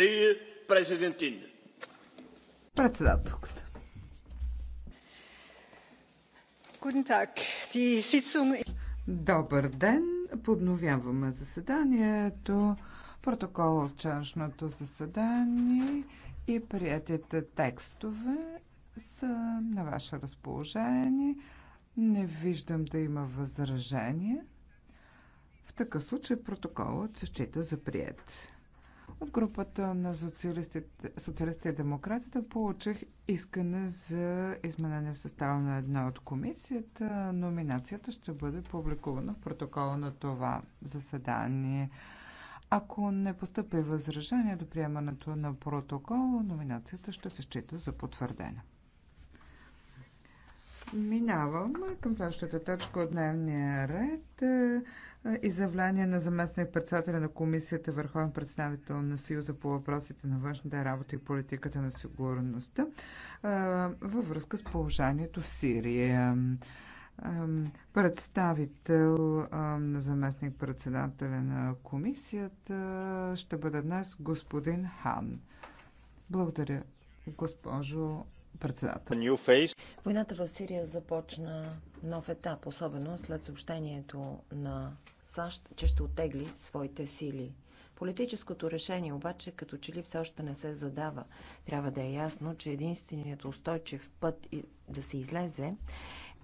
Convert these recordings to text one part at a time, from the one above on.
die Председателката. Добър ден! Подновяваме заседанието. Протокол от чашното заседание и приятите текстове са на ваше разположение. Не виждам да има възражение. В такъв случай протоколът се счита за прият. От групата на социалистите, социалистите и демократите получих искане за изменение в състава на една от комисията. Номинацията ще бъде публикувана в протокола на това заседание. Ако не постъпи възражение до приемането на протокола, номинацията ще се счита за потвърдена. Минаваме към следващата точка от дневния ред изявление на заместник председателя на комисията Върховен представител на Съюза по въпросите на външната работа и политиката на сигурността във връзка с положението в Сирия. Представител на заместник председателя на комисията ще бъде днес господин Хан. Благодаря, госпожо председател. Войната в Сирия започна нов етап, особено след съобщението на САЩ, че ще отегли своите сили. Политическото решение обаче като че ли все още не се задава. Трябва да е ясно, че единственият устойчив път да се излезе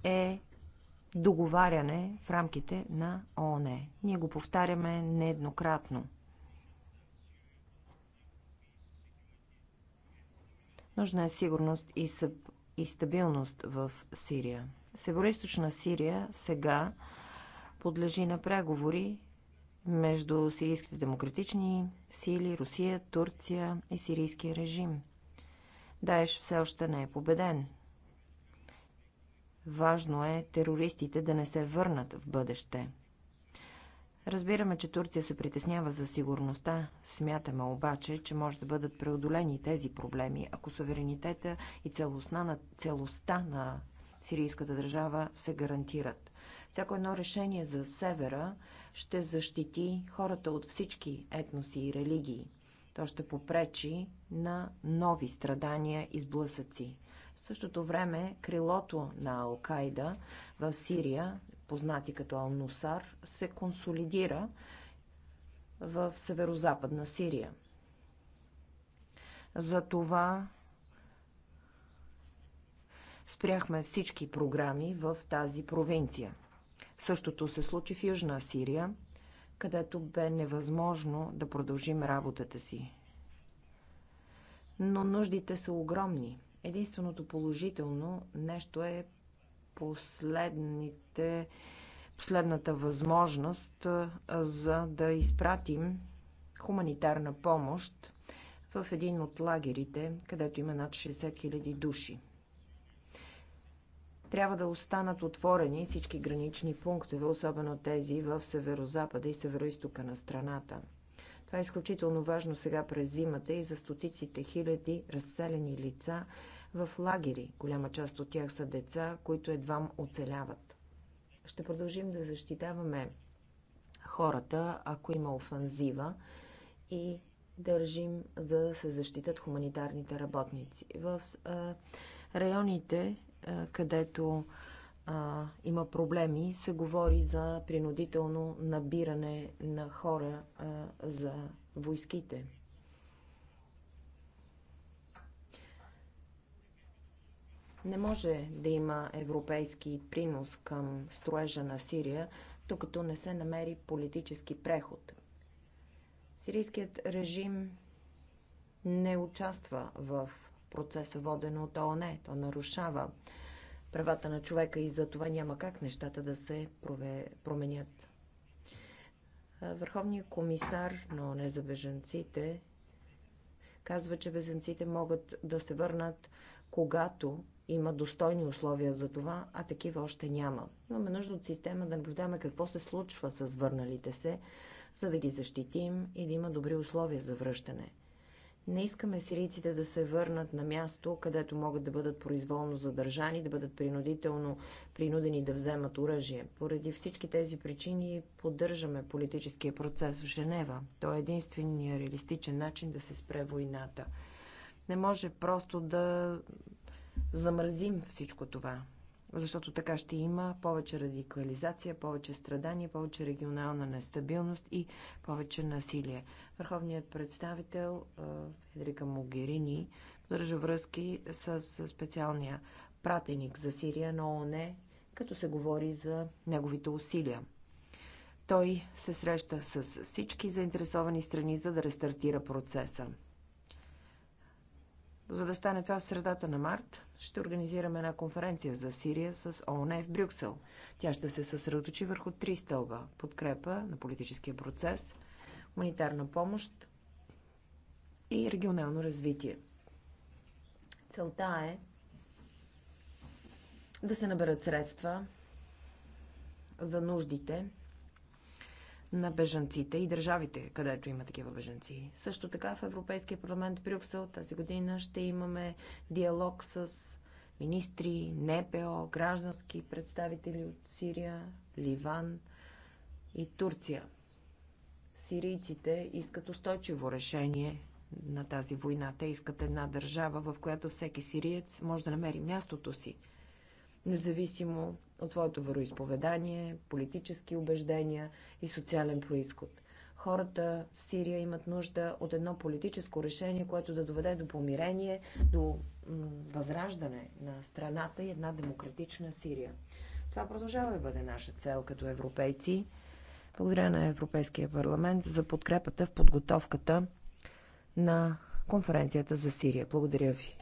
е договаряне в рамките на ООН. Ние го повтаряме нееднократно. Нужна е сигурност и, съб... и стабилност в Сирия. Североизточна Сирия сега подлежи на преговори между сирийските демократични сили, Русия, Турция и сирийския режим. Даеш все още не е победен. Важно е терористите да не се върнат в бъдеще – Разбираме, че Турция се притеснява за сигурността. Смятаме обаче, че може да бъдат преодолени тези проблеми, ако суверенитета и целостта на, целостта на сирийската държава се гарантират. Всяко едно решение за севера ще защити хората от всички етноси и религии. То ще попречи на нови страдания и сблъсъци. В същото време крилото на Алкайда в Сирия познати като Алнусар, се консолидира в северо-западна Сирия. Затова спряхме всички програми в тази провинция. Същото се случи в Южна Сирия, където бе невъзможно да продължим работата си. Но нуждите са огромни. Единственото положително нещо е последните, последната възможност за да изпратим хуманитарна помощ в един от лагерите, където има над 60 000 души. Трябва да останат отворени всички гранични пунктове, особено тези в северо-запада и северо на страната. Това е изключително важно сега през зимата и за стотиците хиляди разселени лица, в лагери. Голяма част от тях са деца, които едва оцеляват. Ще продължим да защитаваме хората, ако има офанзива и държим за да се защитат хуманитарните работници. В а, районите, а, където а, има проблеми, се говори за принудително набиране на хора а, за войските. Не може да има европейски принос към строежа на Сирия, докато не се намери политически преход. Сирийският режим не участва в процеса воден от ООН. То нарушава правата на човека и за това няма как нещата да се променят. Върховният комисар на ООН за беженците казва, че беженците могат да се върнат когато има достойни условия за това, а такива още няма. Имаме нужда от система да наблюдаваме какво се случва с върналите се, за да ги защитим и да има добри условия за връщане. Не искаме сирийците да се върнат на място, където могат да бъдат произволно задържани, да бъдат принудително принудени да вземат оръжие. Поради всички тези причини поддържаме политическия процес в Женева. Той е единствения реалистичен начин да се спре войната. Не може просто да замразим всичко това. Защото така ще има повече радикализация, повече страдания, повече регионална нестабилност и повече насилие. Върховният представител Федерика Могерини поддържа връзки с специалния пратеник за Сирия на ООН, като се говори за неговите усилия. Той се среща с всички заинтересовани страни, за да рестартира процеса. За да стане това в средата на март, ще организираме една конференция за Сирия с ООН в Брюксел. Тя ще се съсредоточи върху три стълба – подкрепа на политическия процес, хуманитарна помощ и регионално развитие. Целта е да се наберат средства за нуждите на бежанците и държавите, където има такива бежанци. Също така в Европейския парламент Брюксел тази година ще имаме диалог с министри, НПО, граждански представители от Сирия, Ливан и Турция. Сирийците искат устойчиво решение на тази война. Те искат една държава, в която всеки сириец може да намери мястото си – независимо от своето вероисповедание, политически убеждения и социален происход. Хората в Сирия имат нужда от едно политическо решение, което да доведе до помирение, до възраждане на страната и една демократична Сирия. Това продължава да бъде наша цел като европейци. Благодаря на Европейския парламент за подкрепата в подготовката на конференцията за Сирия. Благодаря ви.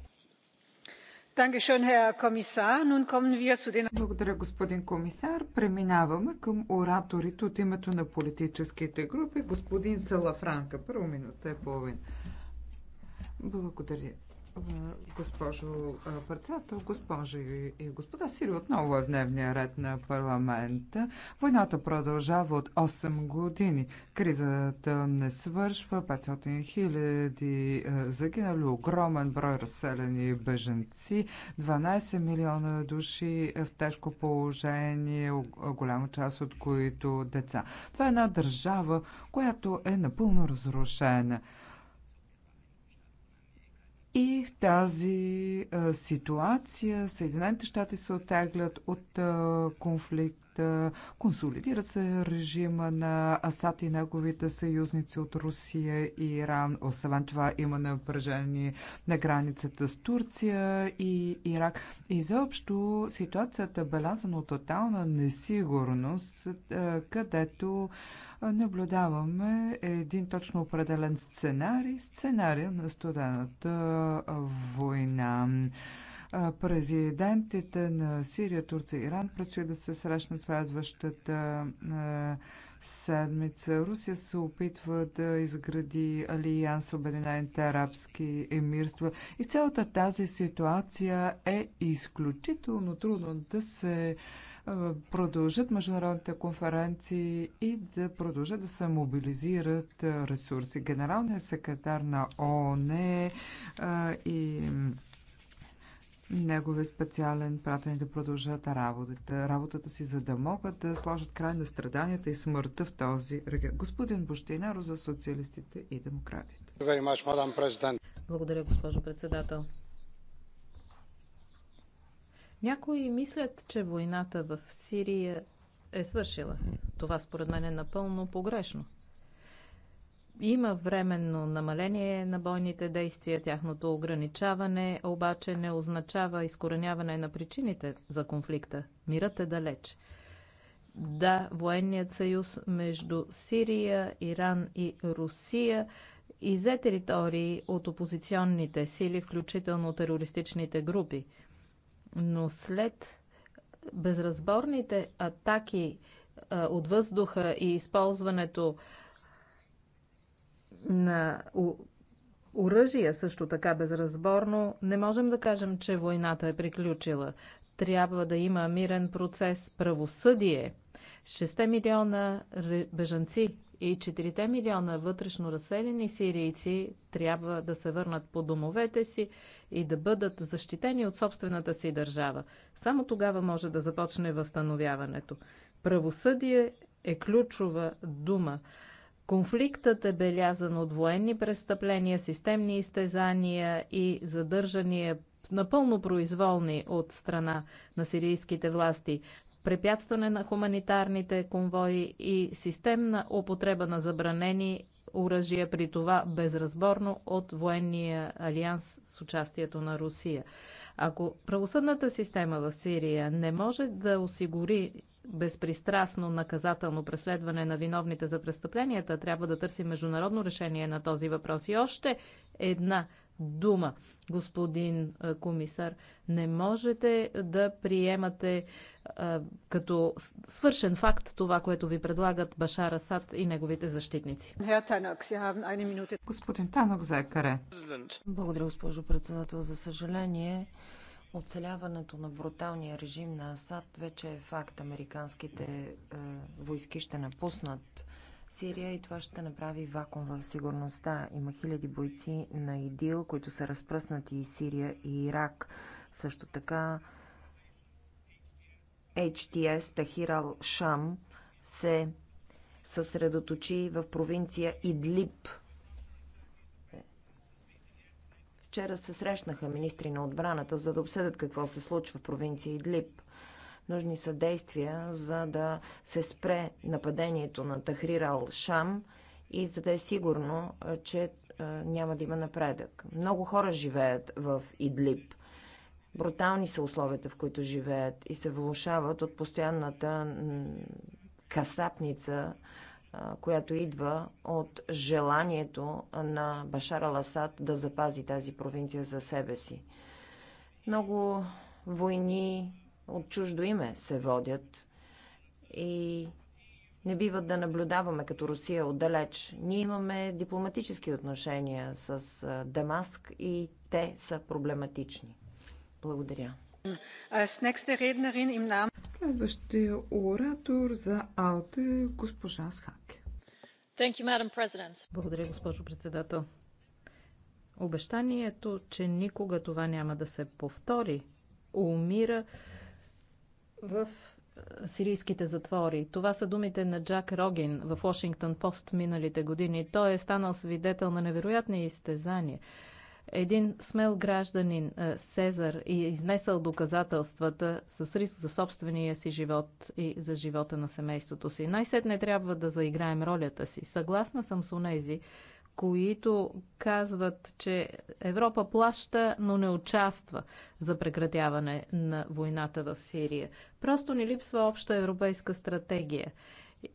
Благодаря, господин комисар. Преминаваме към ораторите от името на политическите групи. Господин Салафранка, първо минута е половина. Благодаря. Госпожо председател, госпожи и господа, Сири, отново е в дневния ред на парламента. Войната продължава от 8 години. Кризата не свършва. 500 хиляди загинали, огромен брой разселени беженци, 12 милиона души в тежко положение, голяма част от които деца. Това е една държава, която е напълно разрушена. И в тази а, ситуация Съединените щати се оттеглят от а, конфликта, консолидира се режима на Асад и неговите съюзници от Русия и Иран. Освен това има напрежение на границата с Турция и Ирак. И заобщо ситуацията е белязана от тотална несигурност, а, където а, наблюдаваме един точно определен сценарий, сценария на студената война. Президентите на Сирия, Турция и Иран предстои да се срещнат следващата седмица. Русия се опитва да изгради Алианс Обединените арабски емирства. И цялата тази ситуация е изключително трудно да се продължат международните конференции и да продължат да се мобилизират ресурси. Генералният секретар на ООН е, и негови специален пратени да продължат работата, работата си, за да могат да сложат край на страданията и смъртта в този регион. Господин Бощинаро за социалистите и демократите. Благодаря, госпожо председател. Някои мислят, че войната в Сирия е свършила. Това според мен е напълно погрешно. Има временно намаление на бойните действия, тяхното ограничаване обаче не означава изкореняване на причините за конфликта. Мирът е далеч. Да, военният съюз между Сирия, Иран и Русия и за територии от опозиционните сили, включително терористичните групи – но след безразборните атаки от въздуха и използването на оръжия също така безразборно, не можем да кажем, че войната е приключила. Трябва да има мирен процес, правосъдие. 6 милиона бежанци и 4 милиона вътрешно разселени сирийци трябва да се върнат по домовете си и да бъдат защитени от собствената си държава. Само тогава може да започне възстановяването. Правосъдие е ключова дума. Конфликтът е белязан от военни престъпления, системни изтезания и задържания напълно произволни от страна на сирийските власти препятстване на хуманитарните конвои и системна употреба на забранени оръжия, при това безразборно от военния алианс с участието на Русия. Ако правосъдната система в Сирия не може да осигури безпристрастно наказателно преследване на виновните за престъпленията, трябва да търси международно решение на този въпрос. И още една дума. Господин комисар, не можете да приемате като свършен факт това, което ви предлагат Башар Асад и неговите защитници. Господин Танок Закаре. Благодаря, госпожо председател. За съжаление, Оцеляването на бруталния режим на Асад вече е факт. Американските е, войски ще напуснат Сирия и това ще направи вакуум в сигурността. Има хиляди бойци на ИДИЛ, които са разпръснати и Сирия и Ирак. Също така HTS Тахирал Шам се съсредоточи в провинция Идлип. Вчера се срещнаха министри на отбраната, за да обсъдят какво се случва в провинция Идлип. Нужни са действия, за да се спре нападението на Тахрир Ал-Шам и за да е сигурно, че няма да има напредък. Много хора живеят в Идлиб. Брутални са условията, в които живеят и се влушават от постоянната касапница, която идва от желанието на Башар Аласад да запази тази провинция за себе си. Много войни, от чуждо име се водят и не биват да наблюдаваме като Русия отдалеч. Ние имаме дипломатически отношения с Дамаск и те са проблематични. Благодаря. Следващия оратор за Алте е госпожа Схаке. Благодаря, госпожо председател. Обещанието, че никога това няма да се повтори, умира в е, сирийските затвори. Това са думите на Джак Рогин в Вашингтон Пост миналите години. Той е станал свидетел на невероятни изтезания. Един смел гражданин, е, Сезар, е изнесъл доказателствата с риск за собствения си живот и за живота на семейството си. Най-сетне трябва да заиграем ролята си. Съгласна съм с онези, които казват, че Европа плаща, но не участва за прекратяване на войната в Сирия. Просто ни липсва обща европейска стратегия.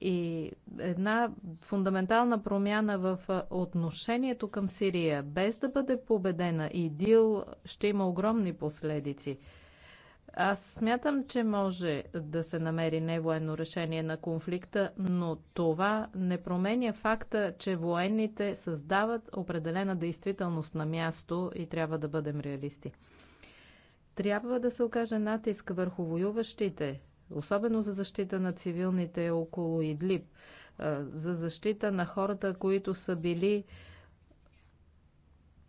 И една фундаментална промяна в отношението към Сирия, без да бъде победена идил, ще има огромни последици. Аз смятам, че може да се намери невоенно решение на конфликта, но това не променя факта, че военните създават определена действителност на място и трябва да бъдем реалисти. Трябва да се окаже натиск върху воюващите, особено за защита на цивилните около Идлиб, за защита на хората, които са били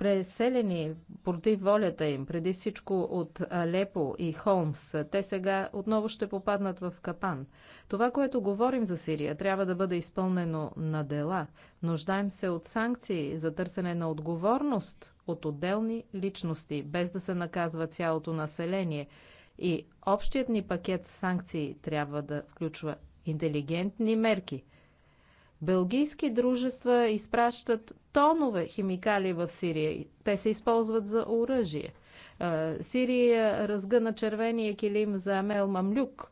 преселени против волята им, преди всичко от Алепо и Холмс, те сега отново ще попаднат в капан. Това, което говорим за Сирия, трябва да бъде изпълнено на дела. Нуждаем се от санкции за търсене на отговорност от отделни личности, без да се наказва цялото население. И общият ни пакет санкции трябва да включва интелигентни мерки – Белгийски дружества изпращат тонове химикали в Сирия. Те се използват за оръжие. Е, Сирия разгъна червения килим за Амел Мамлюк,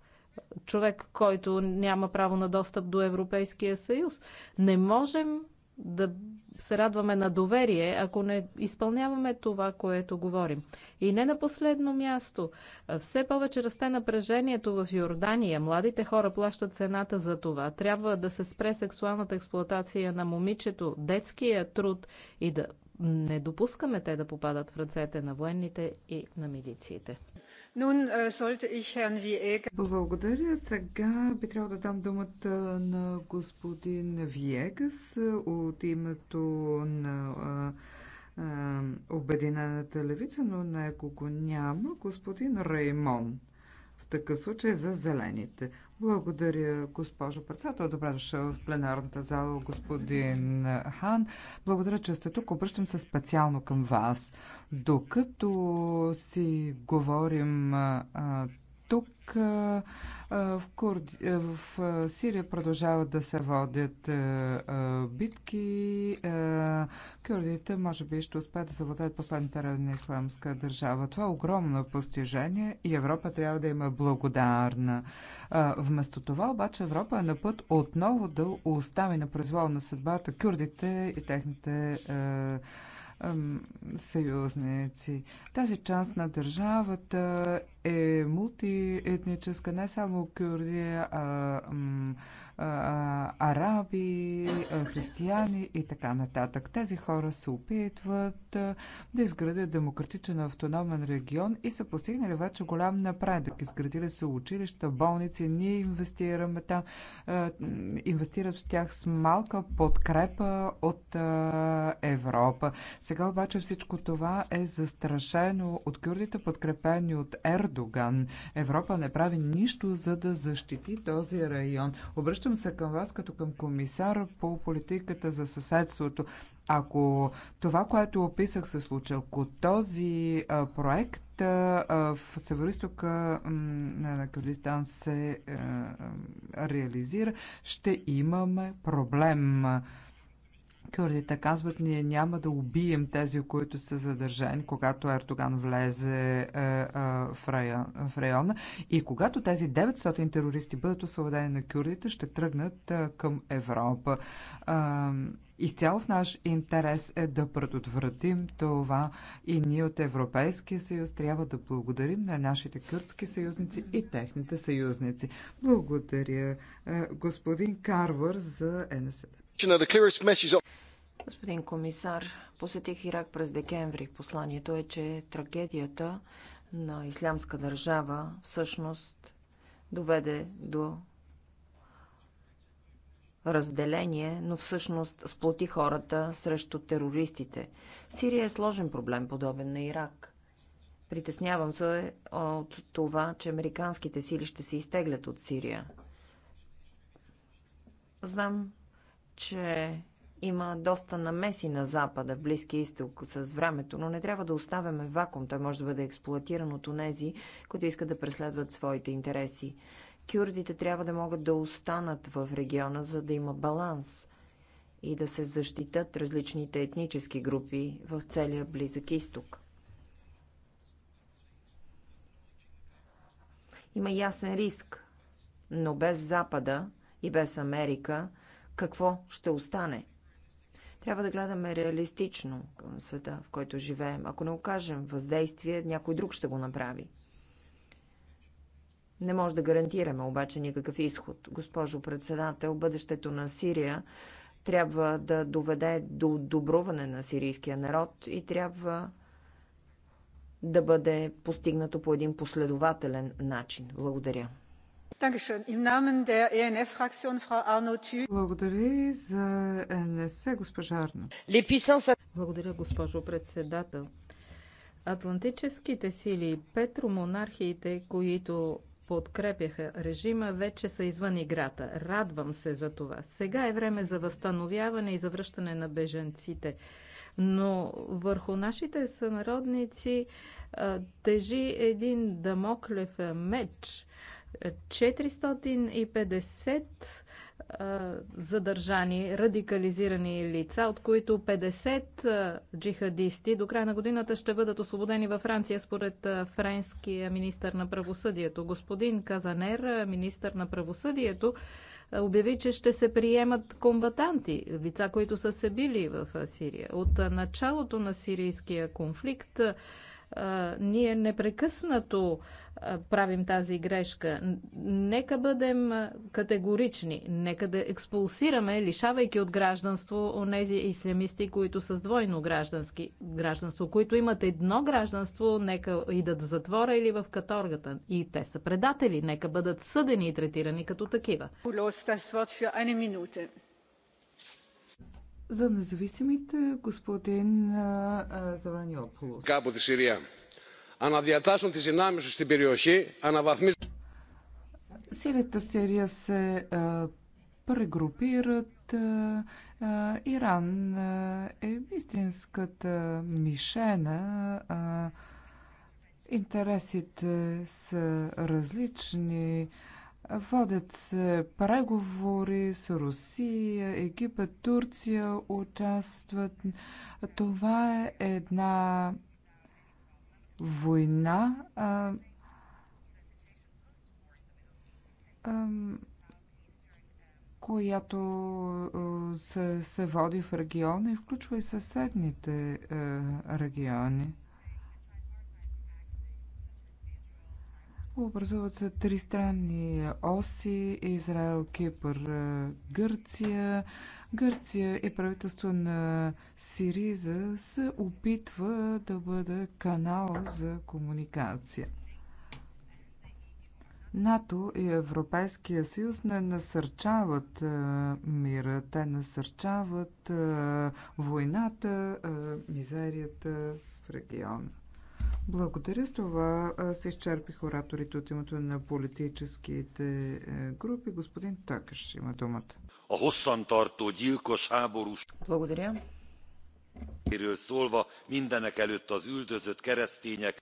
човек, който няма право на достъп до Европейския съюз. Не можем да се радваме на доверие, ако не изпълняваме това, което говорим. И не на последно място. Все повече расте напрежението в Йордания. Младите хора плащат цената за това. Трябва да се спре сексуалната експлоатация на момичето, детския труд и да не допускаме те да попадат в ръцете на военните и на милициите. Äh, Благодаря. Сега би трябвало да дам думата на господин Виегас от името на Обединената левица, но него го няма. Господин Реймон такъв случай за зелените. Благодаря, госпожо председател. Добре дошъл в пленарната зала, господин Хан. Благодаря, че сте тук. Обръщам се специално към вас. Докато си говорим а, тук в, Курди, в Сирия продължават да се водят битки. Кюрдите може би ще успеят да завладеят последната райони на исламска държава. Това е огромно постижение и Европа трябва да има благодарна. Вместо това обаче Европа е на път отново да остави на произвол на съдбата кюрдите и техните съюзници. Тази част на държавата е мултиетническа, не само кюрди, а, а, араби, християни и така нататък. Тези хора се опитват да изградят демократичен автономен регион и са постигнали вече голям напредък. Изградили са училища, болници, ние инвестираме там, инвестират в тях с малка подкрепа от Европа. Сега обаче всичко това е застрашено от кюрдите, подкрепени от Ер Ердоган. Европа не прави нищо, за да защити този район. Обръщам се към вас като към комисар по политиката за съседството. Ако това, което описах се случи, ако този а, проект в Североистока на Кюрдистан се а, реализира, ще имаме проблем. Кюрдите казват, ние няма да убием тези, които са задържани, когато Ердоган влезе е, е, в, район, в района. И когато тези 900 терористи бъдат освободени на кюрдите, ще тръгнат е, към Европа. Е, Изцяло в наш интерес е да предотвратим това и ние от Европейския съюз трябва да благодарим на нашите кюртски съюзници и техните съюзници. Благодаря е, господин Карвар за НСД. Господин комисар, посетих Ирак през декември. Посланието е, че трагедията на Ислямска държава всъщност доведе до разделение, но всъщност сплоти хората срещу терористите. Сирия е сложен проблем, подобен на Ирак. Притеснявам се от това, че американските сили ще се изтеглят от Сирия. Знам, че има доста намеси на Запада, в Близкия изток с времето, но не трябва да оставяме вакуум. Той може да бъде експлуатиран от онези, които искат да преследват своите интереси. Кюрдите трябва да могат да останат в региона, за да има баланс и да се защитат различните етнически групи в целия Близък изток. Има ясен риск, но без Запада и без Америка какво ще остане. Трябва да гледаме реалистично към света, в който живеем. Ако не окажем въздействие, някой друг ще го направи. Не може да гарантираме обаче никакъв изход. Госпожо председател, бъдещето на Сирия трябва да доведе до добруване на сирийския народ и трябва да бъде постигнато по един последователен начин. Благодаря. E Благодаря за НС, госпожа Арно. Благодаря, госпожо председател. Атлантическите сили, петромонархиите, които подкрепяха режима, вече са извън играта. Радвам се за това. Сега е време за възстановяване и за връщане на бежанците. Но върху нашите сънародници тежи един дамоклев меч 450 задържани, радикализирани лица, от които 50 джихадисти до края на годината ще бъдат освободени във Франция, според френския министър на правосъдието. Господин Казанер, министър на правосъдието, обяви, че ще се приемат комбатанти, лица, които са се били в Сирия. От началото на сирийския конфликт ние непрекъснато правим тази грешка. Нека бъдем категорични, нека да експулсираме, лишавайки от гражданство онези ислямисти, които са с двойно граждански, гражданство, които имат едно гражданство, нека идат в затвора или в каторгата. И те са предатели, нека бъдат съдени и третирани като такива. За независимите господин Завраниополос. Капо Сирия αναδιατάσσουν τις δυνάμεις τους στην περιοχή, αναβαθμίζουν... Силите в Сирия се прегрупират. Иран е истинската мишена. Интересите са различни. Водят се преговори с Русия, Египет, Турция участват. Това е една война а, а, която се, се води в региона и включва и съседните а, региони. Образуват се тристранни оси Израел, Кипър, Гърция. Гърция и правителство на Сириза се опитва да бъде канал за комуникация. НАТО и Европейския съюз не насърчават мира, те насърчават войната, мизерията в региона. Благодаря с това се изчерпих ораторите от името на политическите е, групи. Господин Такаш има думата. Благодаря.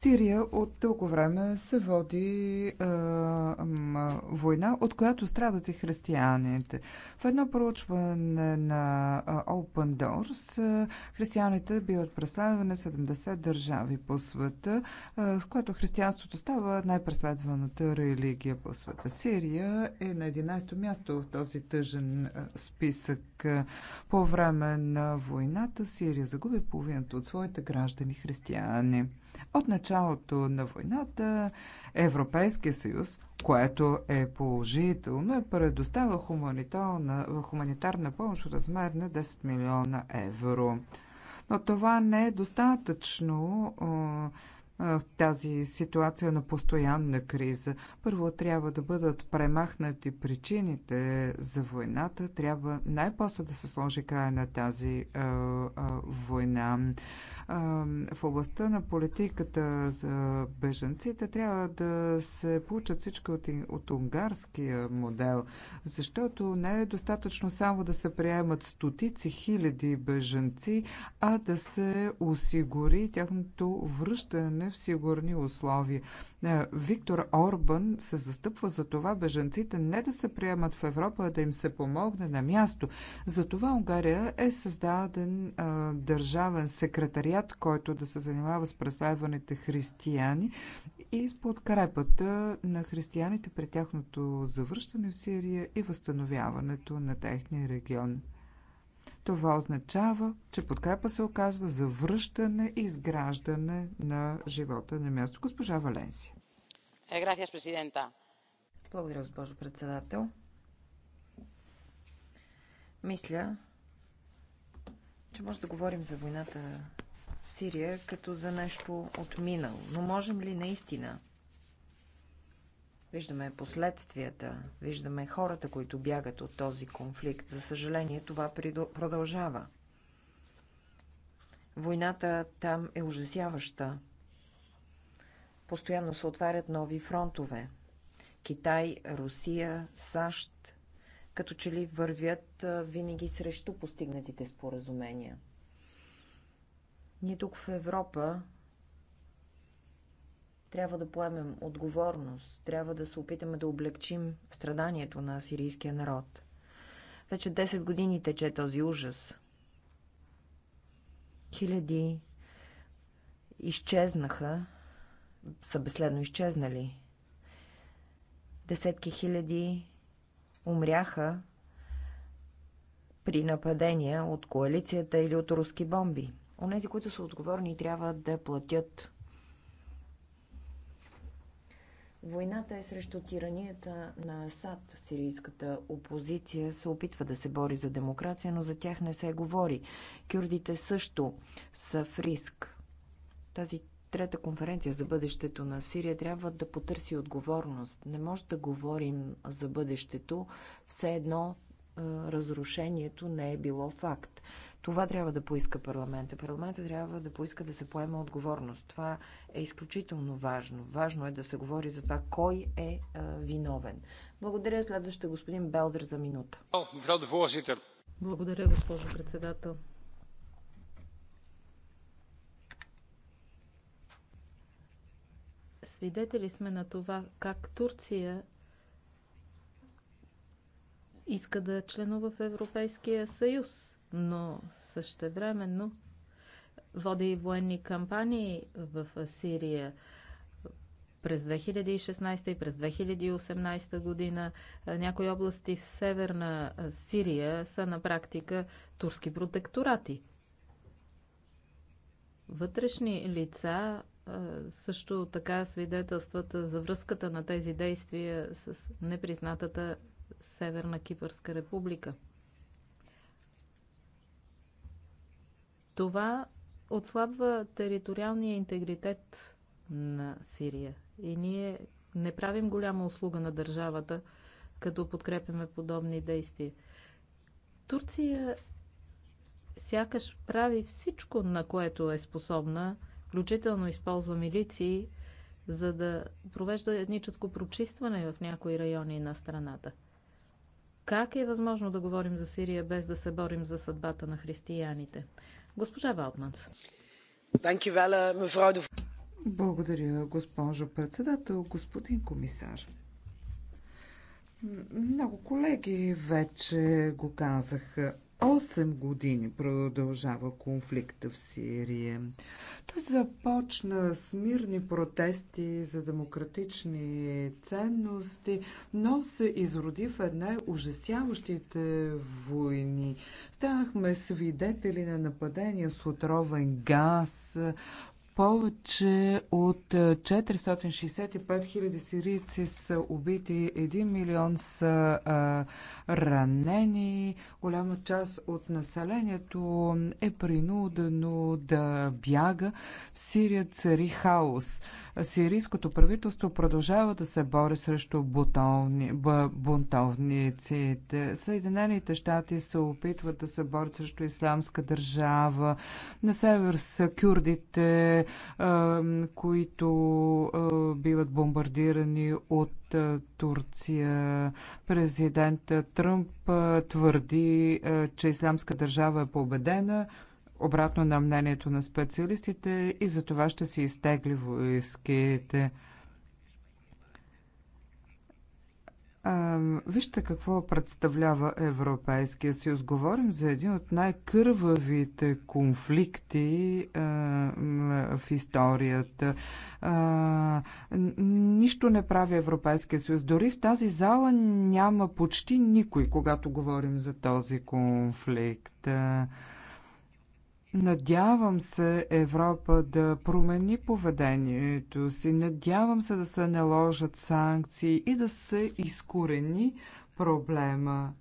Сирия от дълго време се води е, война, от която страдат и християните. В едно проучване на Open Doors християните биват преследвани в 70 държави по света, с което християнството става най-преследваната религия по света. Сирия е на 11-то място в този тъжен списък. По време на войната Сирия загуби половината от своите граждани християни. От началото на войната Европейския съюз, което е положително, е предоставил хуманитарна, хуманитарна помощ в размер на 10 милиона евро. Но това не е достатъчно в тази ситуация на постоянна криза. Първо трябва да бъдат премахнати причините за войната, трябва най-после да се сложи края на тази а, а, война в областта на политиката за бежанците трябва да се получат всички от, от унгарския модел, защото не е достатъчно само да се приемат стотици хиляди бежанци, а да се осигури тяхното връщане в сигурни условия. Е, Виктор Орбан се застъпва за това бежанците не да се приемат в Европа, а да им се помогне на място. За това Унгария е създаден а, е, държавен секретариат, който да се занимава с преследваните християни и с подкрепата на християните при тяхното завръщане в Сирия и възстановяването на техния регион. Това означава, че подкрепа се оказва за връщане и изграждане на живота на място. Госпожа Валенсия. Е, Благодаря, госпожо председател. Мисля, че може да говорим за войната в Сирия като за нещо отминало. Но можем ли наистина Виждаме последствията, виждаме хората, които бягат от този конфликт. За съжаление, това продължава. Войната там е ужасяваща. Постоянно се отварят нови фронтове. Китай, Русия, САЩ като че ли вървят винаги срещу постигнатите споразумения. Ние тук в Европа трябва да поемем отговорност, трябва да се опитаме да облегчим страданието на сирийския народ. Вече 10 години тече този ужас. Хиляди изчезнаха, са безследно изчезнали. Десетки хиляди умряха при нападения от коалицията или от руски бомби. Онези, които са отговорни, трябва да платят Войната е срещу тиранията на Асад. Сирийската опозиция се опитва да се бори за демокрация, но за тях не се говори. Кюрдите също са в риск. Тази трета конференция за бъдещето на Сирия трябва да потърси отговорност. Не може да говорим за бъдещето, все едно разрушението не е било факт. Това трябва да поиска парламента. Парламента трябва да поиска да се поема отговорност. Това е изключително важно. Важно е да се говори за това кой е виновен. Благодаря. Следващия господин Белдер за минута. Благодаря, госпожо председател. Свидетели сме на това как Турция иска да е членува в Европейския съюз но същевременно води военни кампании в Сирия през 2016 и през 2018 година. Някои области в северна Сирия са на практика турски протекторати. Вътрешни лица също така свидетелстват за връзката на тези действия с непризнатата Северна Кипърска република. Това отслабва териториалния интегритет на Сирия и ние не правим голяма услуга на държавата, като подкрепяме подобни действия. Турция сякаш прави всичко, на което е способна, включително използва милиции, за да провежда етническо прочистване в някои райони на страната. Как е възможно да говорим за Сирия без да се борим за съдбата на християните? Госпожа Валтманс. Благодаря, госпожо председател, господин комисар. Много колеги вече го казаха. 8 години продължава конфликта в Сирия. Той започна с мирни протести за демократични ценности, но се изроди в една ужасяващите войни. Станахме свидетели на нападения с отровен газ, повече от 465 е, 000 сирийци са убити, 1 милион са а, е, ранени, голяма част от населението е принудено да бяга. В Сирия цари хаос. Сирийското правителство продължава да се бори срещу бутовни, бунтовниците. Съединените щати се опитват да се борят срещу исламска държава. На север са кюрдите, които биват бомбардирани от Турция. Президент Тръмп твърди, че Ислямска държава е победена обратно на мнението на специалистите и за това ще се изтегли войските. А, вижте какво представлява Европейския съюз. Говорим за един от най-кървавите конфликти а, в историята. А, нищо не прави Европейския съюз. Дори в тази зала няма почти никой, когато говорим за този конфликт. А, Надявам се Европа да промени поведението си. Надявам се да се наложат санкции и да се изкорени проблема.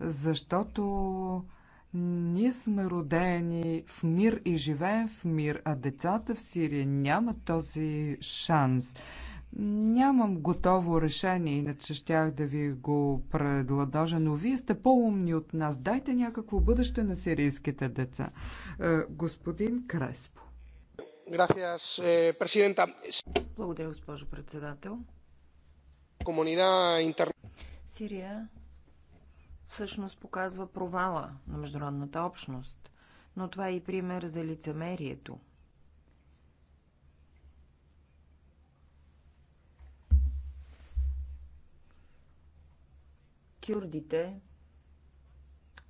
Защото ние сме родени в мир и живеем в мир, а децата в Сирия нямат този шанс. Нямам готово решение, иначе щях да ви го предложа, но вие сте по-умни от нас. Дайте някакво бъдеще на сирийските деца. Е, господин Креспо. Е, Благодаря, госпожо председател. Сирия всъщност показва провала на международната общност, но това е и пример за лицемерието – кюрдите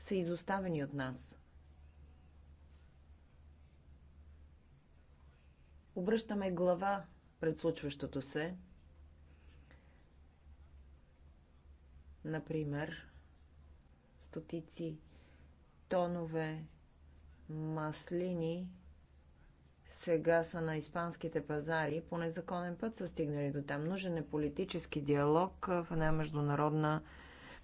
са изоставени от нас. Обръщаме глава пред случващото се. Например, стотици тонове маслини сега са на испанските пазари. По незаконен път са стигнали до там. Нужен е политически диалог в една международна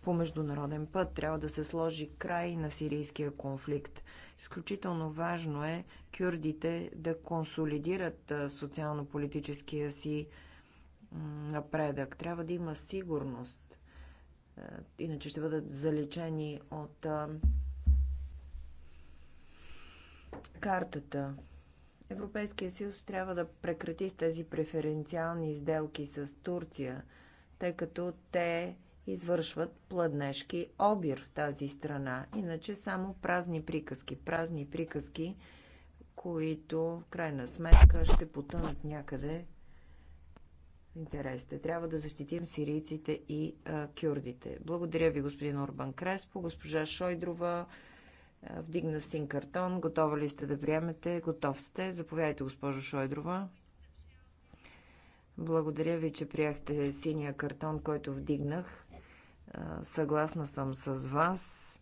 по международен път. Трябва да се сложи край на сирийския конфликт. Изключително важно е кюрдите да консолидират социално-политическия си напредък. Трябва да има сигурност. Иначе ще бъдат залечени от картата. Европейския съюз трябва да прекрати с тези преференциални сделки с Турция, тъй като те извършват пладнешки обир в тази страна. Иначе само празни приказки. Празни приказки, които в крайна сметка ще потънат някъде интересите. Трябва да защитим сирийците и а, кюрдите. Благодаря ви, господин Орбан Креспо. Госпожа Шойдрова а, вдигна син картон. Готова ли сте да приемете? Готов сте. Заповядайте, госпожо Шойдрова. Благодаря ви, че приехте синия картон, който вдигнах. Съгласна съм с вас.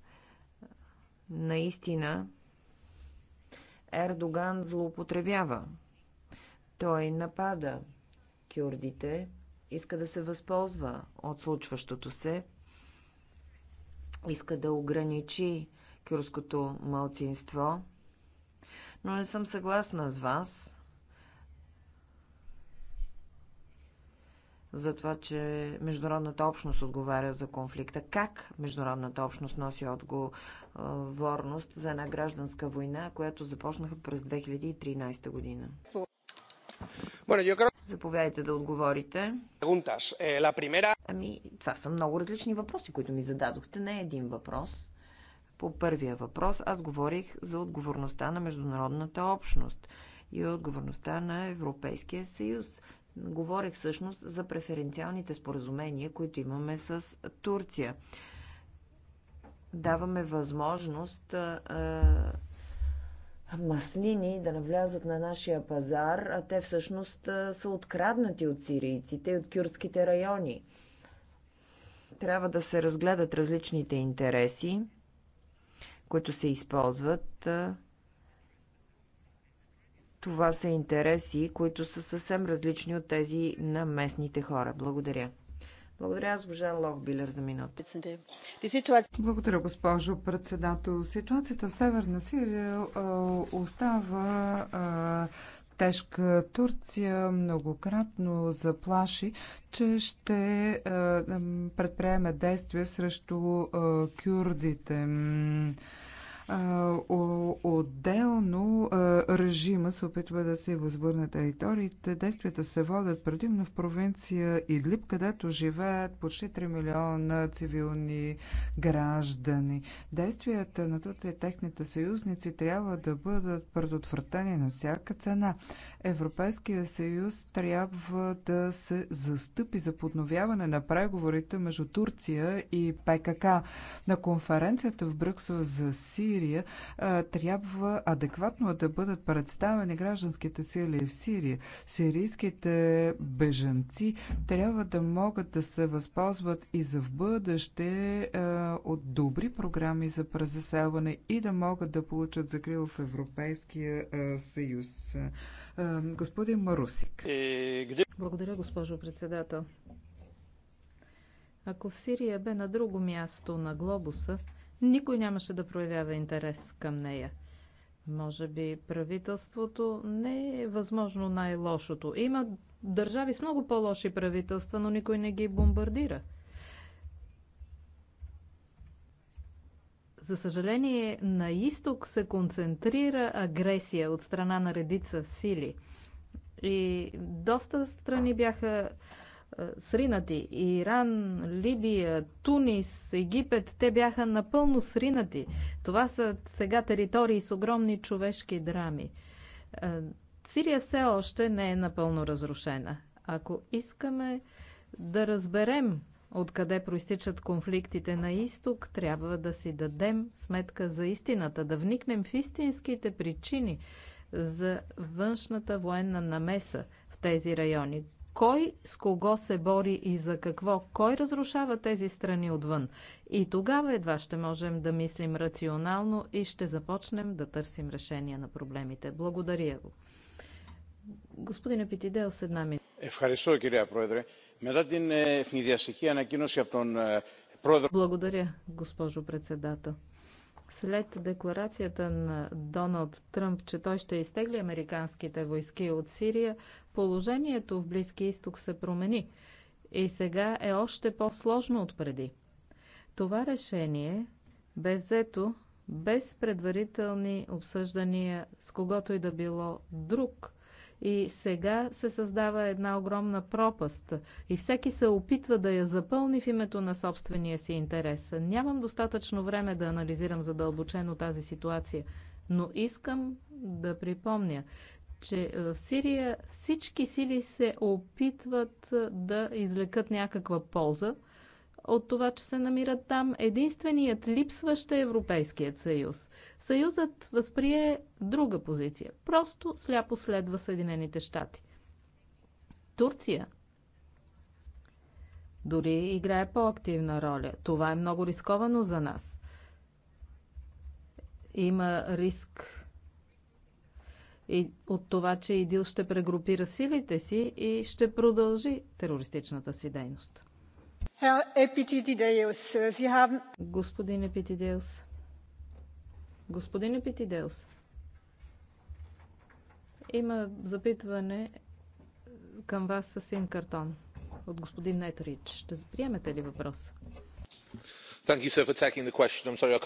Наистина, Ердоган злоупотребява. Той напада кюрдите, иска да се възползва от случващото се, иска да ограничи кюрското мълцинство, но не съм съгласна с вас, за това, че международната общност отговаря за конфликта. Как международната общност носи отговорност за една гражданска война, която започнаха през 2013 година? Заповядайте да отговорите. Eh, ами, това са много различни въпроси, които ми зададохте. Не е един въпрос. По първия въпрос аз говорих за отговорността на международната общност и отговорността на Европейския съюз. Говорих всъщност за преференциалните споразумения, които имаме с Турция. Даваме възможност маслини да навлязат на нашия пазар, а те всъщност са откраднати от сирийците и от кюртските райони. Трябва да се разгледат различните интереси, които се използват това са интереси, които са съвсем различни от тези на местните хора. Благодаря. Благодаря, госпожа Локбилер, за минута. Благодаря, госпожо председател. Ситуацията в Северна Сирия остава тежка. Турция многократно заплаши, че ще предприеме действия срещу кюрдите. Отделно режима се опитва да се възбърне териториите. Действията се водят предимно в провинция Идлиб, където живеят почти 3 милиона цивилни граждани. Действията на Турция и техните съюзници трябва да бъдат предотвратени на всяка цена. Европейския съюз трябва да се застъпи за подновяване на преговорите между Турция и ПКК. На конференцията в Брюксел за Сирия трябва адекватно да бъдат представени гражданските сили в Сирия. Сирийските бежанци трябва да могат да се възползват и за в бъдеще от добри програми за презаселване и да могат да получат закрил в Европейския съюз. Е, господин Марусик. Е, Благодаря, госпожо председател. Ако Сирия бе на друго място на глобуса, никой нямаше да проявява интерес към нея. Може би правителството не е възможно най-лошото. Има държави с много по-лоши правителства, но никой не ги бомбардира. За съжаление, на изток се концентрира агресия от страна на редица сили. И доста страни бяха е, сринати. Иран, Либия, Тунис, Египет, те бяха напълно сринати. Това са сега територии с огромни човешки драми. Е, Сирия все още не е напълно разрушена. Ако искаме да разберем откъде проистичат конфликтите на изток, трябва да си дадем сметка за истината, да вникнем в истинските причини за външната военна намеса в тези райони. Кой с кого се бори и за какво? Кой разрушава тези страни отвън? И тогава едва ще можем да мислим рационално и ще започнем да търсим решения на проблемите. Благодаря го. Господин Епитидел, с една минута. Ευχαριστώ, κυρία Πρόεδρε. Благодаря, госпожо председател. След декларацията на Доналд Тръмп, че той ще изтегли американските войски от Сирия, положението в Близки изток се промени и сега е още по-сложно от преди. Това решение бе взето без предварителни обсъждания с когото и да било друг и сега се създава една огромна пропаст и всеки се опитва да я запълни в името на собствения си интерес. Нямам достатъчно време да анализирам задълбочено тази ситуация, но искам да припомня, че е, в Сирия всички сили се опитват е, да извлекат някаква полза – от това, че се намират там. Единственият липсващ е Европейският съюз. Съюзът възприе друга позиция. Просто сляпо следва Съединените щати. Турция дори играе по-активна роля. Това е много рисковано за нас. Има риск и от това, че ИДИЛ ще прегрупира силите си и ще продължи терористичната си дейност. Господин Епитидеус. Господин Епитидеус. Има запитване към вас със син картон от господин Нетрич. Ще приемете ли въпроса?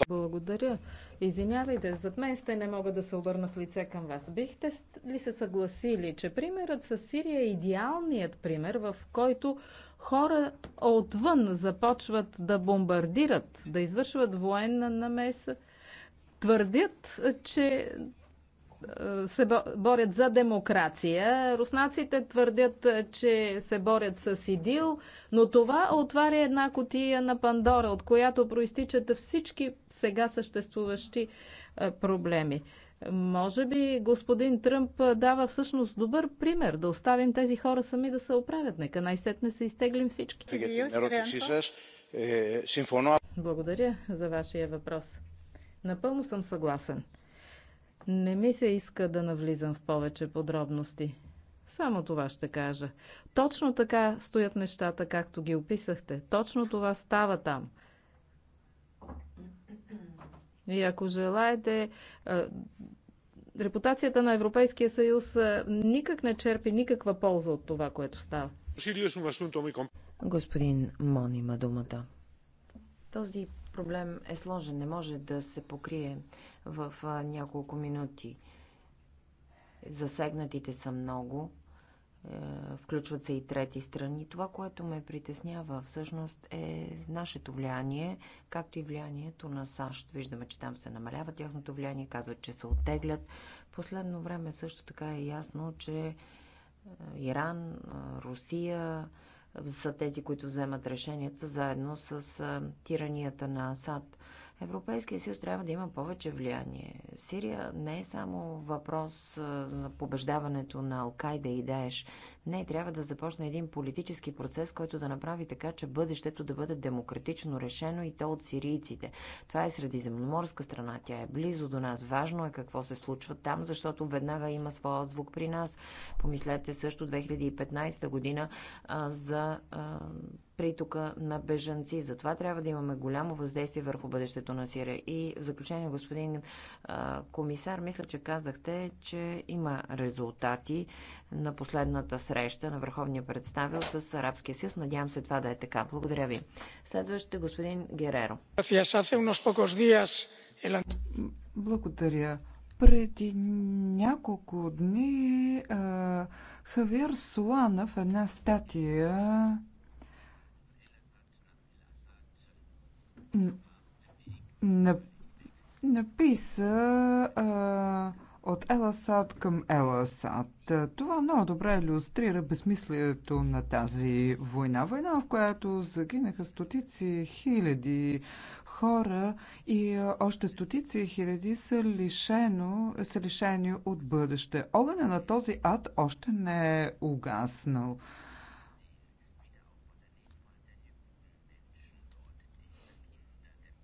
Благодаря. Извинявайте, зад мен сте, не мога да се обърна с лице към вас. Бихте ли се съгласили, че примерът с Сирия е идеалният пример, в който хора отвън започват да бомбардират, да извършват военна намеса, твърдят, че е, се борят за демокрация. Руснаците твърдят, е, че се борят с ИДИЛ, но това отваря една котия на Пандора, от която проистичат всички сега съществуващи е, проблеми. Може би господин Тръмп дава всъщност добър пример да оставим тези хора сами да се оправят. Нека най-сетне се изтеглим всички. Е, Благодаря за вашия въпрос. Напълно съм съгласен. Не ми се иска да навлизам в повече подробности. Само това ще кажа. Точно така стоят нещата, както ги описахте. Точно това става там. И ако желаете, репутацията на Европейския съюз никак не черпи никаква полза от това, което става. Господин Мон има думата. Този проблем е сложен, не може да се покрие в няколко минути. Засегнатите са много е, включват се и трети страни. Това, което ме притеснява всъщност е нашето влияние, както и влиянието на САЩ. Виждаме, че там се намалява тяхното влияние, казват, че се оттеглят. Последно време също така е ясно, че е, Иран, е, Русия са тези, които вземат решенията заедно с тиранията на Асад. Европейския съюз трябва да има повече влияние. Сирия не е само въпрос за побеждаването на Алкайда и Даеш. Не, трябва да започне един политически процес, който да направи така, че бъдещето да бъде демократично решено и то от сирийците. Това е средиземноморска страна, тя е близо до нас. Важно е какво се случва там, защото веднага има своя отзвук при нас. Помислете също 2015 година а, за а, притока на бежанци. Затова трябва да имаме голямо въздействие върху бъдещето на Сирия. И в заключение, господин а, комисар, мисля, че казахте, че има резултати на последната среща на Върховния представител с Арабския съюз. Надявам се това да е така. Благодаря ви. Следващите господин Гереро. Благодаря. Преди няколко дни Хавер Солана в една статия написа а, от Еласад към Еласад. Това много добре иллюстрира безмислието на тази война. Война, в която загинаха стотици хиляди хора и още стотици хиляди са, лишено, са лишени от бъдеще. Огъня на този ад още не е угаснал.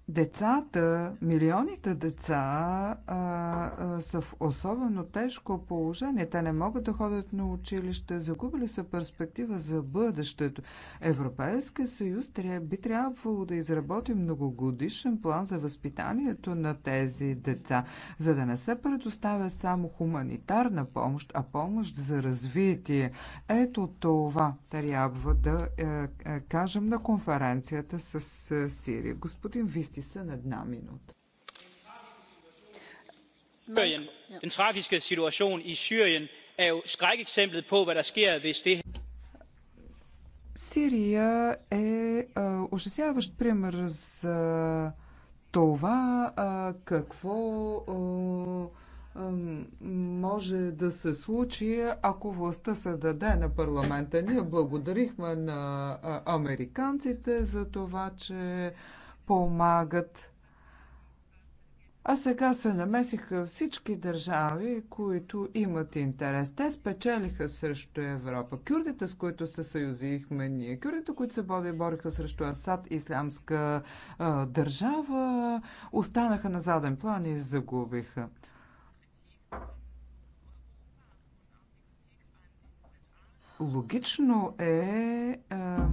Децата, милионите деца а, а, са в особено тежко положение. Те не могат да ходят на училище, загубили са перспектива за бъдещето. Европейския съюз би трябвало да изработи многогодишен план за възпитанието на тези деца, за да не се предоставя само хуманитарна помощ, а помощ за развитие. Ето това трябва да е, е, кажем на конференцията с е, Сирия. Господин Висти наистина една минута. Syrien. Den tragiske situation i Syrien er jo skrækeksemplet på, hvad der sker, hvis det Сирия е ужасяващ пример за това а, какво а, а, може да се случи, ако властта се даде на парламента. Ние благодарихме на американците за това, че а, помагат. А сега се намесиха всички държави, които имат интерес. Те спечелиха срещу Европа. Кюрдите, с които се съюзихме ние, кюрдите, които се боди, бориха срещу Асад, ислямска а, държава, останаха на заден план и загубиха. Логично е. А,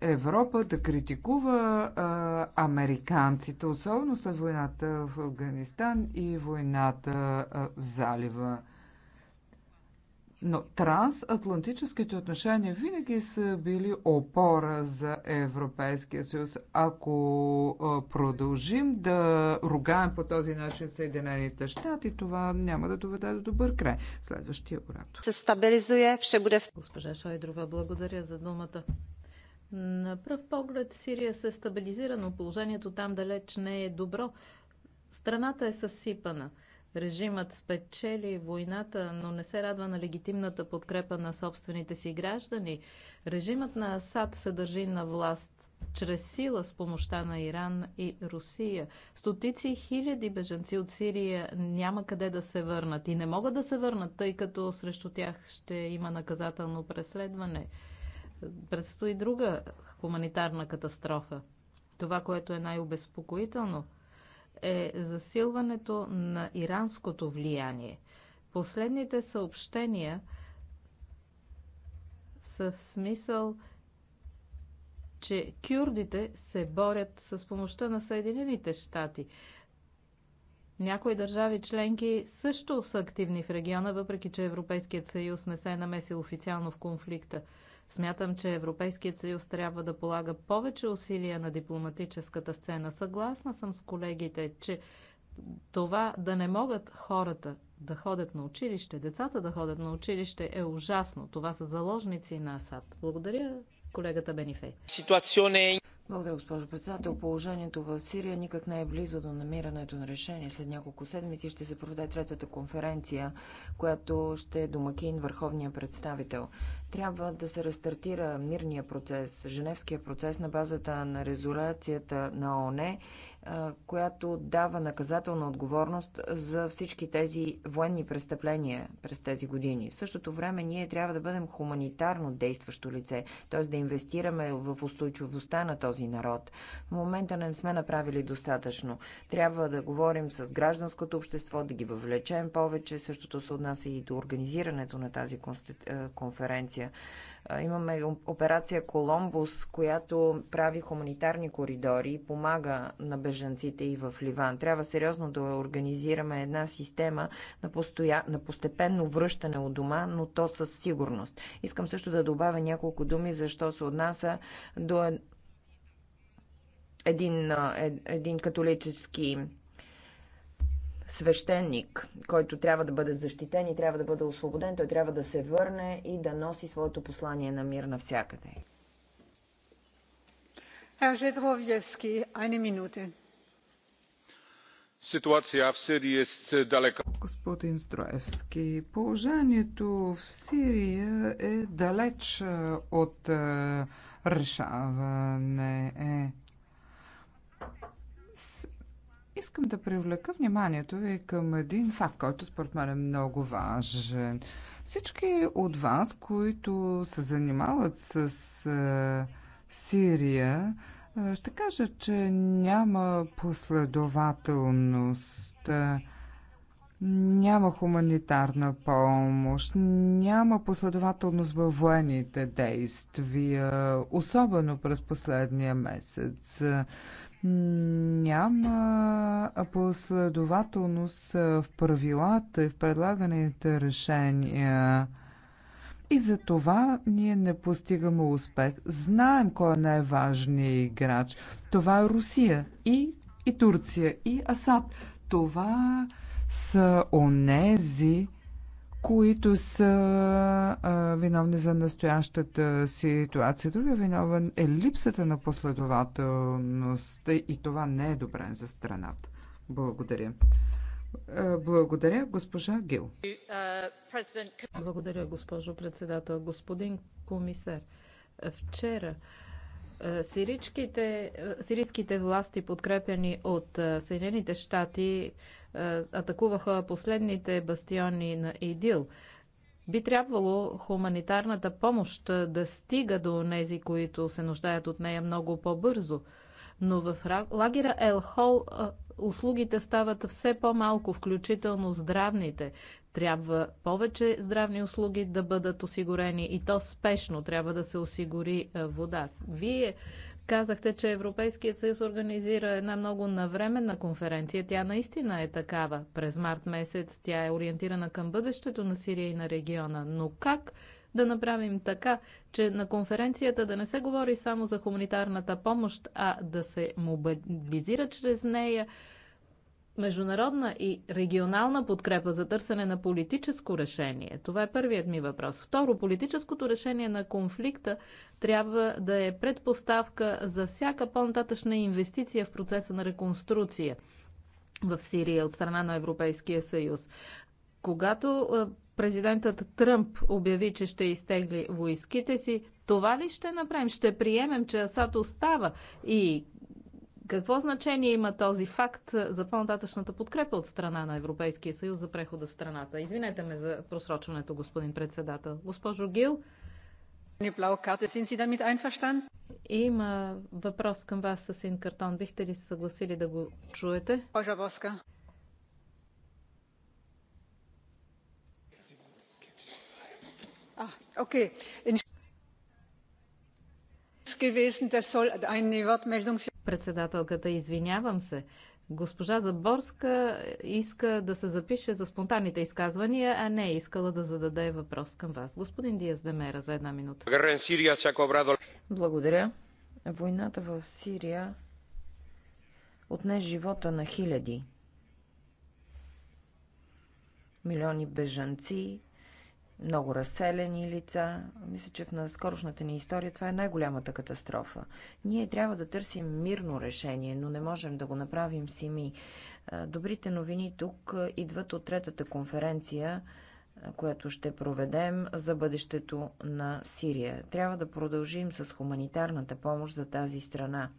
Европа да критикува а, американците, особено след войната в Афганистан и войната а, в залива. Но трансатлантическите отношения винаги са били опора за Европейския съюз. Ако продължим да ругаем по този начин Съединените щати, това няма да доведе до добър край. Следващия брат. Се стабилизуе, ще бъде... Госпожа Шойдрова, благодаря за думата. На пръв поглед Сирия се стабилизира, но положението там далеч не е добро. Страната е съсипана – Режимът спечели войната, но не се радва на легитимната подкрепа на собствените си граждани. Режимът на Асад се държи на власт чрез сила с помощта на Иран и Русия. Стотици хиляди бежанци от Сирия няма къде да се върнат и не могат да се върнат, тъй като срещу тях ще има наказателно преследване. Предстои друга хуманитарна катастрофа. Това, което е най-обезпокоително е засилването на иранското влияние. Последните съобщения са в смисъл, че кюрдите се борят с помощта на Съединените щати. Някои държави членки също са активни в региона, въпреки че Европейският съюз не се е намесил официално в конфликта. Смятам, че Европейският съюз трябва да полага повече усилия на дипломатическата сцена. Съгласна съм с колегите, че това да не могат хората да ходят на училище, децата да ходят на училище е ужасно. Това са заложници на Асад. Благодаря, колегата Бенифей. Благодаря, госпожо председател. Положението в Сирия никак не е близо до намирането на решение. След няколко седмици ще се проведе третата конференция, която ще е домакин върховния представител. Трябва да се рестартира мирния процес, женевския процес на базата на резолюцията на ОНЕ която дава наказателна отговорност за всички тези военни престъпления през тези години. В същото време ние трябва да бъдем хуманитарно действащо лице, т.е. да инвестираме в устойчивостта на този народ. В момента не сме направили достатъчно. Трябва да говорим с гражданското общество, да ги въвлечем повече. Същото се отнася и до организирането на тази конференция. Имаме операция Коломбус, която прави хуманитарни коридори и помага на бежанците и в Ливан. Трябва сериозно да организираме една система на, постоя... на постепенно връщане от дома, но то със сигурност. Искам също да добавя няколко думи, защо се отнася до един, един католически свещеник, който трябва да бъде защитен и трябва да бъде освободен. Той трябва да се върне и да носи своето послание на мир навсякъде. Ситуация в Сирия е далека. Господин Строевски, положението в Сирия е далеч е, от е, решаване. Е. Искам да привлека вниманието ви към един факт, който според мен е много важен. Всички от вас, които се занимават с е, Сирия, е, ще кажа, че няма последователност, е, няма хуманитарна помощ, няма последователност във военните действия, особено през последния месец няма последователност в правилата и в предлаганите решения. И за това ние не постигаме успех. Знаем кой е най-важният играч. Това е Русия и, и Турция и Асад. Това са онези, които са а, виновни за настоящата ситуация. Другия виновен е липсата на последователност и това не е добре за страната. Благодаря. Благодаря, госпожа Гил. Благодаря, госпожо председател. Господин комисар, вчера сирийските власти, подкрепени от Съединените щати, е, атакуваха последните бастиони на ИДИЛ. Би трябвало хуманитарната помощ е, да стига до тези, които се нуждаят от нея много по-бързо. Но в лагера Ел Хол е, услугите стават все по-малко, включително здравните. Трябва повече здравни услуги да бъдат осигурени и то спешно трябва да се осигури вода. Вие Казахте, че Европейският съюз организира една много навременна конференция. Тя наистина е такава. През март месец тя е ориентирана към бъдещето на Сирия и на региона. Но как да направим така, че на конференцията да не се говори само за хуманитарната помощ, а да се мобилизира чрез нея международна и регионална подкрепа за търсене на политическо решение? Това е първият ми въпрос. Второ, политическото решение на конфликта трябва да е предпоставка за всяка по-нататъчна инвестиция в процеса на реконструкция в Сирия от страна на Европейския съюз. Когато президентът Тръмп обяви, че ще изтегли войските си, това ли ще направим? Ще приемем, че Асад остава и какво значение има този факт за по-нататъчната подкрепа от страна на Европейския съюз за прехода в страната? Извинете ме за просрочването, господин председател. Госпожо Гил, има въпрос към вас с син картон. Бихте ли се съгласили да го чуете? окей. Okay. Председателката, извинявам се. Госпожа Заборска иска да се запише за спонтанните изказвания, а не е искала да зададе въпрос към вас. Господин Диас Демера за една минута. Благодаря. Войната в Сирия отне живота на хиляди. Милиони бежанци много разселени лица. Мисля, че в наскорошната ни история това е най-голямата катастрофа. Ние трябва да търсим мирно решение, но не можем да го направим сами. Добрите новини тук идват от третата конференция, която ще проведем за бъдещето на Сирия. Трябва да продължим с хуманитарната помощ за тази страна.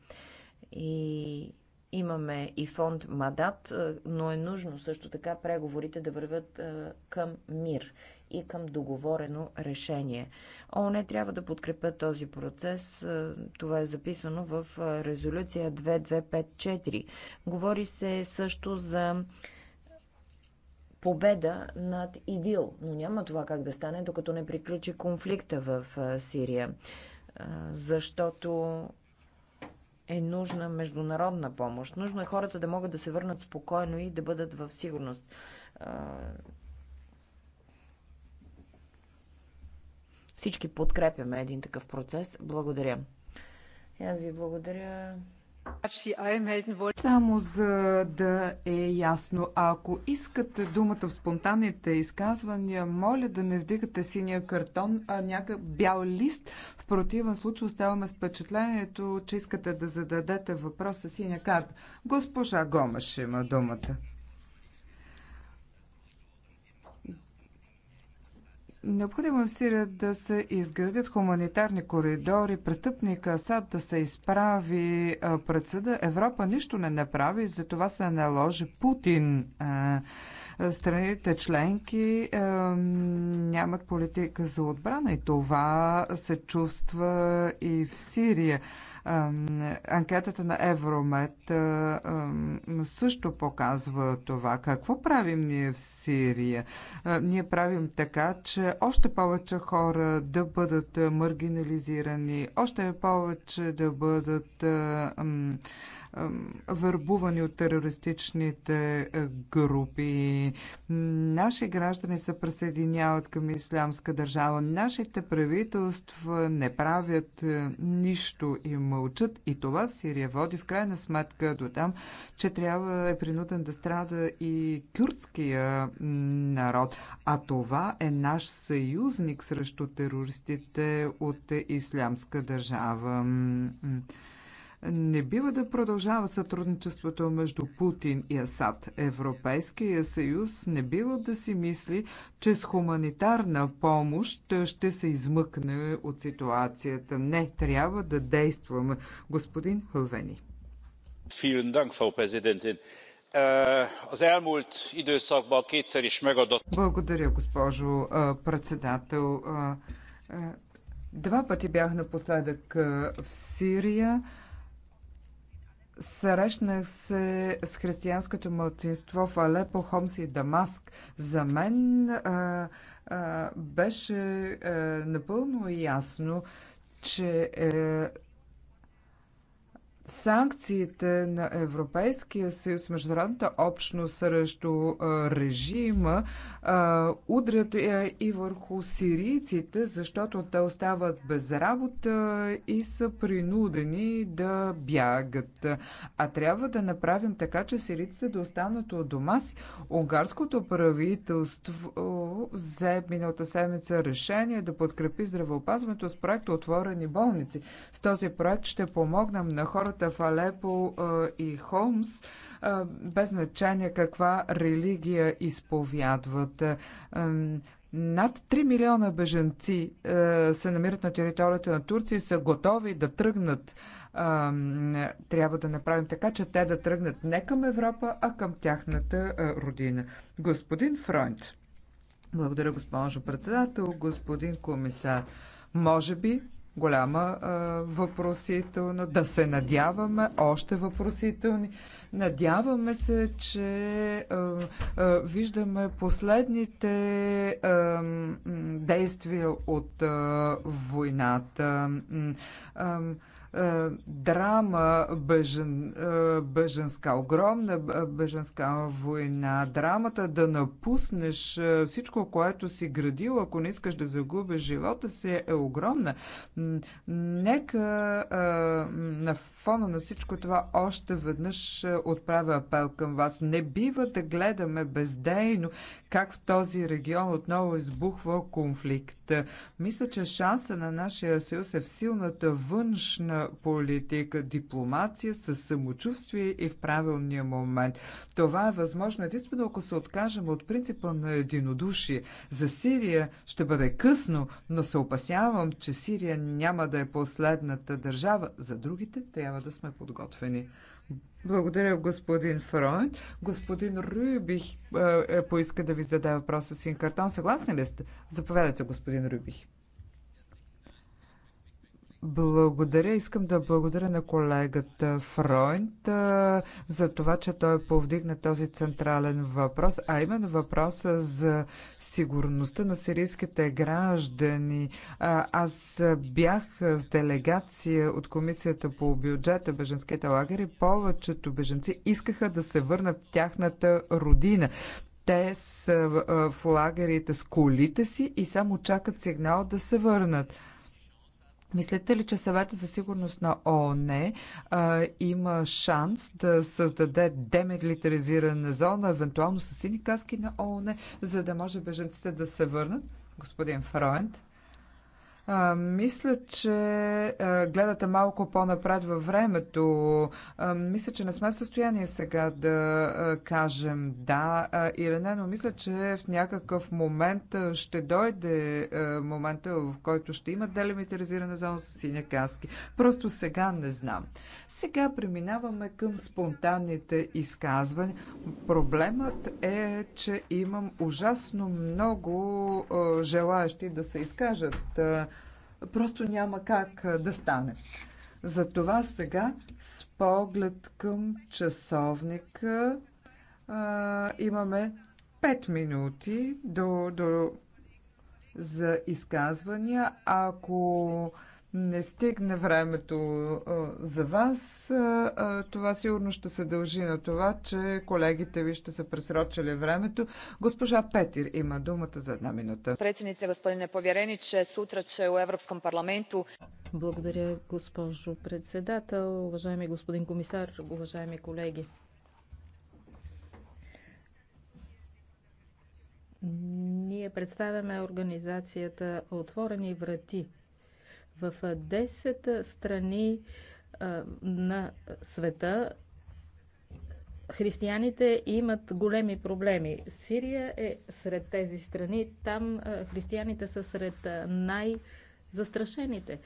И имаме и фонд Мадат, но е нужно също така преговорите да вървят към мир и към договорено решение. ООН трябва да подкрепят този процес. Е, това е записано в е, резолюция 2254. Говори се също за победа над ИДИЛ, но няма това как да стане, докато не приключи конфликта в е, Сирия, защото е нужна международна помощ. Нужно е хората да могат да се върнат спокойно и да бъдат в сигурност Всички подкрепяме един такъв процес. Благодаря. И аз ви благодаря. Само за да е ясно, ако искате думата в спонтанните изказвания, моля да не вдигате синия картон, а някакъв бял лист. В противен случай оставаме с впечатлението, че искате да зададете въпроса, синя карта. Госпожа Гомаш има думата. Необходимо е в Сирия да се изградят хуманитарни коридори, престъпника Асад да се изправи пред съда. Европа нищо не направи, затова се наложи Путин. Страните членки нямат политика за отбрана и това се чувства и в Сирия. Анкетата на Евромет също показва това. Какво правим ние в Сирия? Ние правим така, че още повече хора да бъдат маргинализирани, още повече да бъдат върбувани от терористичните е, групи. Наши граждани се присъединяват към ислямска държава. Нашите правителства не правят е, нищо и мълчат. И това в Сирия води в крайна сметка до там, че трябва е принуден да страда и кюрдския народ. А това е наш съюзник срещу терористите от ислямска държава. Не бива да продължава сътрудничеството между Путин и Асад. Европейския съюз не бива да си мисли, че с хуманитарна помощ ще се измъкне от ситуацията. Не, трябва да действаме. Господин Хълвени. Äh, Благодаря, госпожо председател. Два пъти бях напоследък в Сирия Срещнах се с християнското мълцинство в Алепо, Хомс и Дамаск. За мен а, а, беше а, напълно ясно, че е, санкциите на Европейския съюз, международната общност срещу режима а, удрят а, е, и върху сирийците, защото те остават без работа и са принудени да бягат. А трябва да направим така, че сирийците да останат от дома си. Унгарското правителство взе миналата седмица решение да подкрепи здравеопазването с проект Отворени болници. С този проект ще помогнем на хората в Алепо а, и Холмс, а, без значение каква религия изповядват от над 3 милиона бежанци се намират на територията на Турция и са готови да тръгнат. Трябва да направим така, че те да тръгнат не към Европа, а към тяхната родина. Господин Фройнт. Благодаря, госпожо председател, господин комисар. Може би голяма а, въпросителна, да се надяваме още въпросителни. Надяваме се, че а, а, виждаме последните а, действия от а, войната. А, е, драма бежен, е, беженска, огромна е, беженска война, драмата да напуснеш всичко, което си градил, ако не искаш да загубиш живота си, е огромна. Нека на фона на всичко това още веднъж отправя апел към вас. Не бива да гледаме бездейно как в този регион отново избухва конфликт. Мисля, че шанса на нашия съюз е в силната външна политика, дипломация с самочувствие и в правилния момент. Това е възможно единствено ако се откажем от принципа на единодушие. За Сирия ще бъде късно, но се опасявам, че Сирия няма да е последната държава. За другите трябва да сме подготвени. Благодаря, господин Фройд. Господин Рюбих е, е поиска да ви зададе въпроса син картон. Съгласни ли сте? Заповядайте, господин Рюбих. Благодаря. Искам да благодаря на колегата Фройнт за това, че той повдигна този централен въпрос, а именно въпроса за сигурността на сирийските граждани. Аз бях с делегация от Комисията по бюджета беженските лагери. Повечето беженци искаха да се върнат в тяхната родина. Те са в лагерите с колите си и само чакат сигнал да се върнат. Мислите ли, че съвета за сигурност на ООН а, има шанс да създаде демилитаризирана зона, евентуално с сини каски на ООН, за да може беженците да се върнат? Господин Фроент? А, мисля, че а, гледате малко по-напред във времето. А, мисля, че не сме в състояние сега да а, кажем да а, или не, но мисля, че в някакъв момент а, ще дойде а, момента, в който ще има делимитаризирана зона с синя каски. Просто сега не знам. Сега преминаваме към спонтанните изказвания. Проблемът е, че имам ужасно много а, желаящи да се изкажат. А, просто няма как да стане. Затова сега с поглед към часовника а, имаме 5 минути до, до, за изказвания. Ако не стигна времето за вас. Това сигурно ще се дължи на това, че колегите ви ще са пресрочили времето. Госпожа Петир има думата за една минута. Председница, господине поверениче, сутра, че у Европском парламенту. Благодаря, госпожо председател, уважаеми господин комисар, уважаеми колеги. Ние представяме организацията Отворени врати – в 10 страни на света християните имат големи проблеми. Сирия е сред тези страни. Там християните са сред най- застрашените.